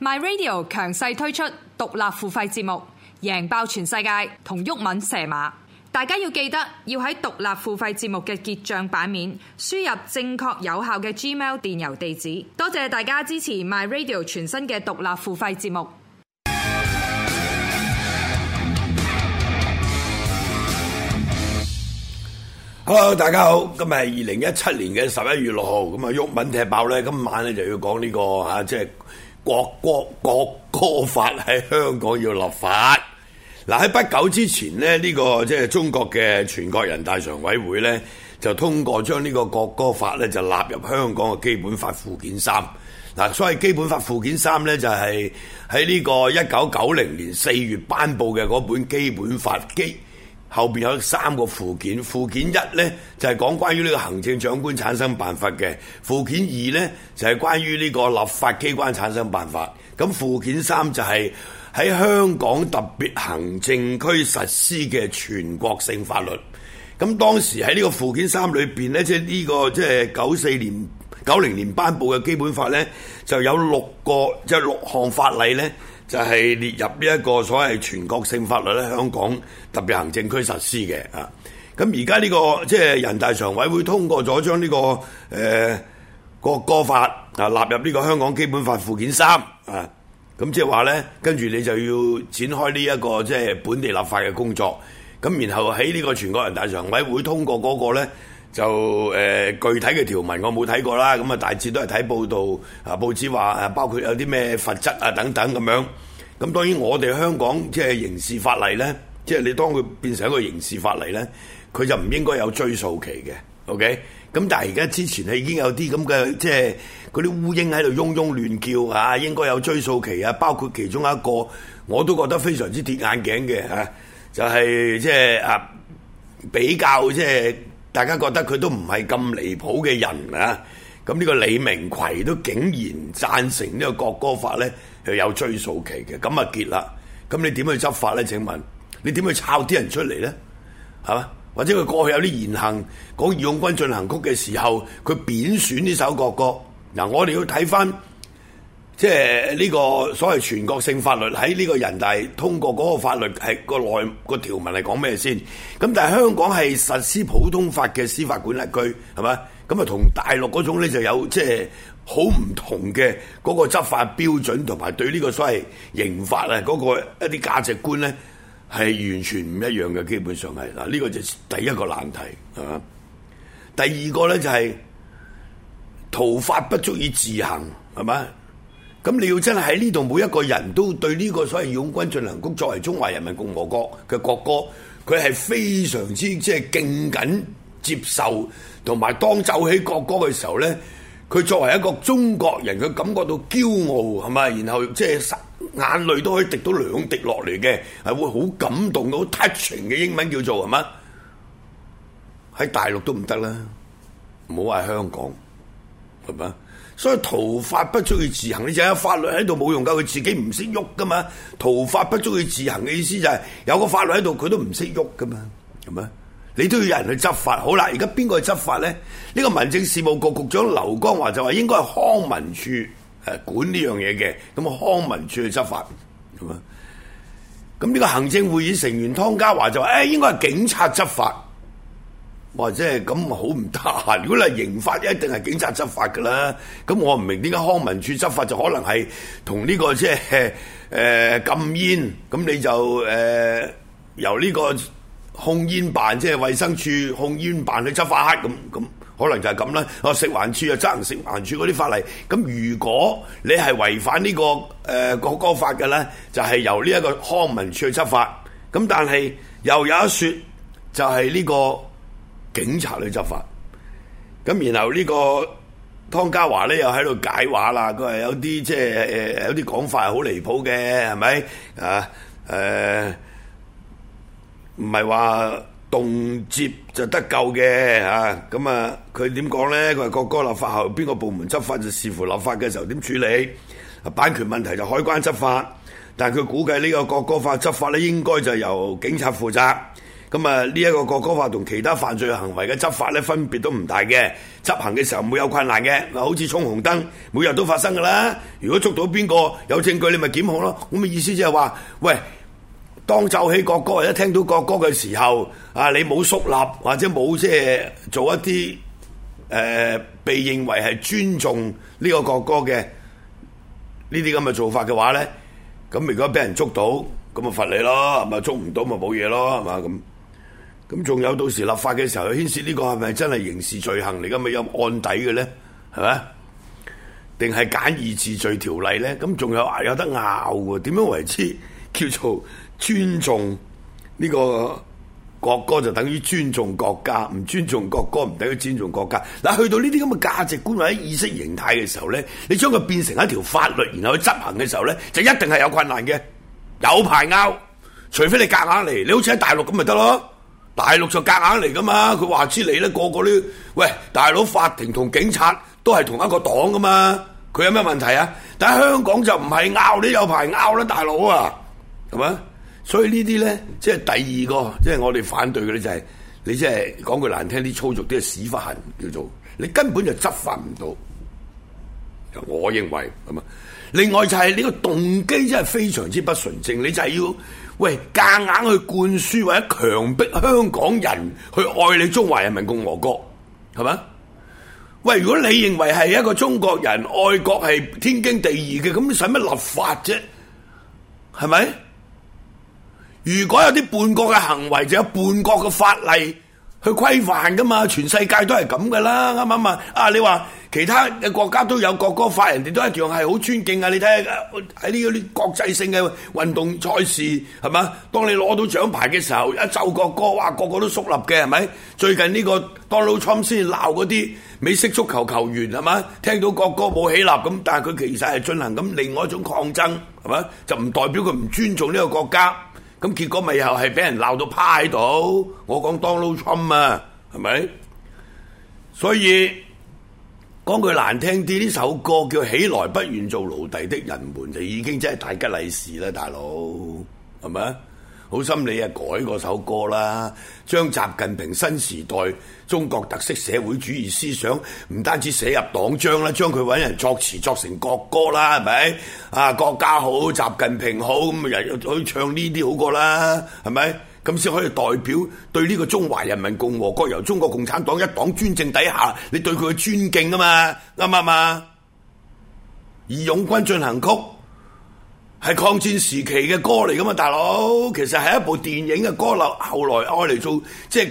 My Radio 強勢推出獨立付費節目，贏爆全世界！同毓民射馬，大家要記得要喺獨立付費節目嘅結賬版面輸入正確有效嘅 Gmail 電郵地址。多謝大家支持 My Radio 全新嘅獨立付費節目。Hello，大家好，今日係二零一七年嘅十一月六號。咁啊，毓民踢爆咧，今晚咧就要講呢個吓，即係，國歌國歌法喺香港要立法，嗱，喺不久之前呢，呢個即係中國嘅全國人大常委會呢，就通過將呢個國歌法呢，就納入香港嘅基本法附件三，嗱，所謂基本法附件三呢，就係喺呢個一九九零年四月頒布嘅嗰本基本法基。後邊有三個附件，附件一呢就係講關於呢個行政長官產生辦法嘅，附件二呢就係關於呢個立法機關產生辦法，咁附件三就係喺香港特別行政區實施嘅全國性法律。咁當時喺呢個附件三裏邊呢，即係呢個即係九四年、九零年頒布嘅基本法呢，就有六個即係、就是、六項法例呢。就係列入呢一個所謂全國性法律咧，香港特別行政區實施嘅啊。咁而家呢個即係、就是、人大常委會通過咗、這個，將呢個誒國歌法啊納入呢個香港基本法附件三啊。咁、啊、即係話呢，跟住你就要展開呢、這、一個即係、就是、本地立法嘅工作。咁然後喺呢個全國人大常委會通過嗰個咧。就誒、呃、具體嘅條文，我冇睇過啦。咁、嗯、啊，大致都係睇報道啊，報紙話誒，包括有啲咩罰則啊等等咁樣。咁、嗯、當然我哋香港即係刑事法例咧，即係你當佢變成一個刑事法例咧，佢就唔應該有追溯期嘅。OK，咁、嗯、但係而家之前咧已經有啲咁嘅即係嗰啲烏蠅喺度嗡嗡亂叫嚇、啊，應該有追溯期啊。包括其中一個我都覺得非常之跌眼鏡嘅嚇、啊，就係、是、即係啊比較即係。大家覺得佢都唔係咁離譜嘅人啊！咁呢個李明逵都竟然贊成呢個國歌法呢，佢有追訴期嘅，咁咪結啦！咁你點去執法呢？請問你點去抄啲人出嚟呢？係嘛？或者佢過去有啲言行講義勇軍進行曲嘅時候，佢貶損呢首國歌嗱，我哋要睇翻。即係呢個所謂全國性法律喺呢個人大通過嗰個法律係個內個條文係講咩先？咁但係香港係實施普通法嘅司法管轄區，係咪？咁啊，同大陸嗰種咧就有即係好唔同嘅嗰個執法標準，同埋對呢個所謂刑法啊嗰個一啲價值觀咧係完全唔一樣嘅，基本上係嗱呢個就第一個難題係嘛？第二個咧就係、是、徒法不足以自行，係咪？咁你要真係喺呢度，每一個人都對呢個所謂《義勇軍進行曲》作為中華人民共和國嘅國歌，佢係非常之即係敬緊接受，同埋當奏起國歌嘅時候呢，佢作為一個中國人，佢感覺到驕傲係咪？然後即係眼淚都可以滴到兩滴落嚟嘅，係會好感動，好 touching 嘅英文叫做係嗎？喺大陸都唔得啦，唔好話香港係咪？所以徒法不足以自行，你就有法律喺度冇用噶，佢自己唔識喐噶嘛。徒法不足以自行嘅意思就係、是、有個法律喺度，佢都唔識喐噶嘛。係咪？你都要有人去執法。好啦，而家邊個去執法咧？呢、這個民政事務局局，局長劉江華就話應該係康文署誒管呢樣嘢嘅，咁啊康文署去執法。係嘛？咁呢個行政會議成員湯家驊就話誒，應該係警察執法。哇！即係咁好唔得閒！如果你係刑罰，一定係警察執法㗎啦。咁我唔明點解康文處執法就可能係同呢個即係誒、呃、禁煙咁，你就誒、呃、由呢個控煙辦，即係衛生處控煙辦去執法，咁咁，可能就係咁啦。哦，食環處就執行食環處嗰啲法例。咁如果你係違反、這個呃、格格呢個誒國歌法嘅咧，就係、是、由呢一個康文處去執法。咁但係又有一説，就係呢、這個。警察去執法，咁然後呢個湯家驊咧又喺度解話啦，佢係有啲即係誒有啲講法係好離譜嘅，係咪？啊誒唔係話動輒就得咎嘅啊？咁啊，佢點講咧？佢話國歌立法後，邊個部門執法就視乎立法嘅時候點處理。版權問題就海關執法，但係佢估計呢個國歌法執法咧應該就由警察負責。咁啊，呢一個國歌法同其他犯罪行為嘅執法咧，分別都唔大嘅。執行嘅時候唔會有困難嘅，咪好似衝紅燈，每日都發生噶啦。如果捉到邊個有證據，你咪檢控咯。咁嘅意思即係話，喂，當奏起國歌，一聽到國歌嘅時候，啊，你冇肅立或者冇即係做一啲誒、呃、被認為係尊重呢個國歌嘅呢啲咁嘅做法嘅話咧，咁如果俾人捉到，咁啊罰你咯，咪捉唔到咪冇嘢咯，係嘛咁。咁仲有到時立法嘅時候，牽涉呢個係咪真係刑事罪行嚟㗎？咪有案底嘅咧，係咪？定係簡易治罪條例咧？咁仲有有得拗嘅？點樣為之叫做尊重呢個國歌？就等於尊重國家，唔尊重國歌唔等於尊重國家。嗱，去到呢啲咁嘅價值觀或者意識形態嘅時候咧，你將佢變成一條法律，然後去執行嘅時候咧，就一定係有困難嘅，有排拗。除非你夾硬嚟，你好似喺大陸咁咪得咯。大陸就夾硬嚟噶嘛，佢話之嚟咧，個個都喂大佬，法庭同警察都係同一個黨噶嘛，佢有咩問題啊？但係香港就唔係拗，有你有排拗啦，大佬啊，係嘛？所以呢啲咧，即係第二個，即係我哋反對嘅咧、就係，就係你即係講句難聽啲，操作啲係屎忽痕，叫做你根本就執法唔到。我認為係嘛？另外就係、係、你個動機真係非常之不純正，你就係要。喂，夾硬去灌輸或者強迫香港人去愛你中華人民共和國，係咪？喂，如果你認為係一個中國人愛國係天經地義嘅，咁使乜立法啫？係咪？如果有啲叛國嘅行為，就有叛國嘅法例去規範噶嘛？全世界都係咁噶啦，啱唔啱啊？啊，你話？其他嘅國家都有國歌法，人哋都一樣係好尊敬啊！你睇下喺呢啲國際性嘅運動賽事係嘛？當你攞到獎牌嘅時候，一奏國歌，哇，個個都肅立嘅係咪？最近呢個 Donald Trump 先鬧嗰啲美式足球球員係嘛？聽到國歌冇起立咁，但係佢其實係進行緊另外一種抗爭係嘛？就唔代表佢唔尊重呢個國家，咁結果咪又係俾人鬧到趴喺度。我講 Donald Trump 啊，係咪？所以。講句難聽啲，呢首歌叫《起來，不願做奴隸的人們》，就已經真係大吉利事啦，大佬，係咪啊？好心你啊，改嗰首歌啦，將習近平新時代中國特色社會主義思想唔單止寫入黨章啦，將佢揾人作詞作成國歌啦，係咪啊？國家好，習近平好，咁人去唱呢啲好歌啦，係咪？咁先可以代表對呢個中華人民共和國由中國共產黨一黨專政底下，你對佢嘅尊敬啊嘛，啱唔啱啊？《義勇軍進行曲》係抗戰時期嘅歌嚟噶嘛，大佬，其實係一部電影嘅歌流，後來愛嚟做即係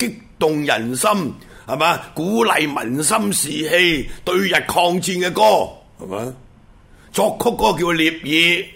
激動人心，係嘛？鼓勵民心士氣、對日抗戰嘅歌，係嘛？作曲嘅叫聶耳。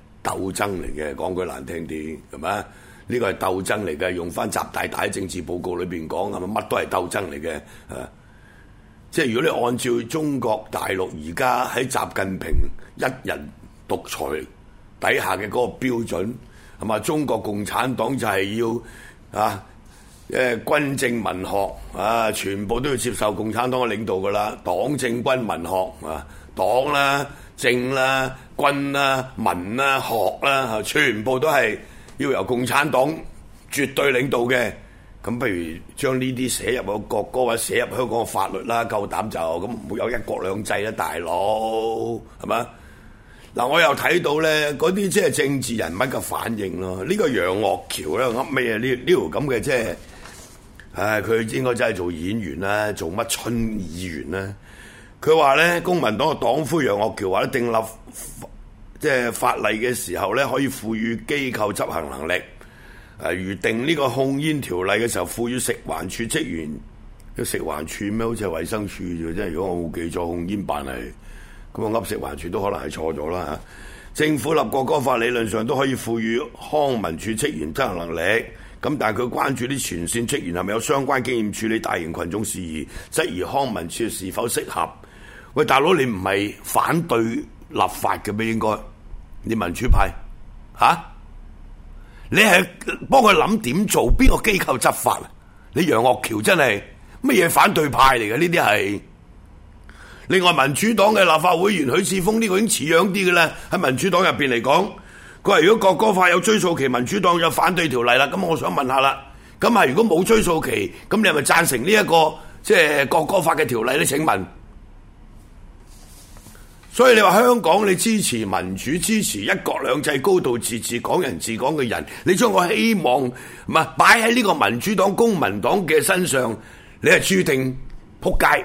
鬥爭嚟嘅，講句難聽啲，係咪？呢個係鬥爭嚟嘅，用翻習大大政治報告裏邊講係咪？乜都係鬥爭嚟嘅，啊！即係如果你按照中國大陸而家喺習近平一人獨裁底下嘅嗰個標準，係咪？中國共產黨就係要啊，誒、啊、軍政文學啊，全部都要接受共產黨嘅領導㗎啦，黨政軍文學啊！黨啦、政啦、軍啦、民啦、學啦，全部都係要由共產黨絕對領導嘅。咁不如將呢啲寫入個國歌或者寫入香港嘅法律啦，夠膽就咁，唔會有一國兩制啦，大佬，係嘛？嗱，我又睇到咧，嗰啲即係政治人物嘅反應咯。呢、這個楊岳橋咧噏咩？啊，呢呢條咁嘅即係，唉，佢應該真係做演員啦，做乜春議員咧？佢話咧，公民黨嘅黨魁楊岳橋話咧，定立即係法例嘅時候咧，可以賦予機構執行能力。誒、呃，如定呢個控煙條例嘅時候，賦予食環署職員，食環署咩？好似係衞生署啫，如果我冇記錯，控煙辦嚟，咁啊噏食環署都可能係錯咗啦嚇。政府立國歌法理論上都可以賦予康文署職員執行能力，咁但係佢關注啲全線職員係咪有相關經驗處理大型群眾事宜，質疑康文署是，是否適合。喂，大佬，你唔係反對立法嘅咩？應該你民主派，吓，你係幫佢諗點做，邊個機構執法啊？你楊岳橋真係乜嘢反對派嚟嘅？呢啲係另外民主黨嘅立法會員許智峯呢個已經似樣啲嘅啦，喺民主黨入邊嚟講，佢話如果國歌法有追溯期，民主黨有反對條例啦。咁我想問下啦，咁啊，如果冇追溯期，咁你係咪贊成呢、這、一個即係、就是、國歌法嘅條例咧？請問？所以你話香港你支持民主、支持一國兩制、高度自治、港人治港嘅人，你將個希望唔係擺喺呢個民主黨、公民黨嘅身上，你係注定撲街。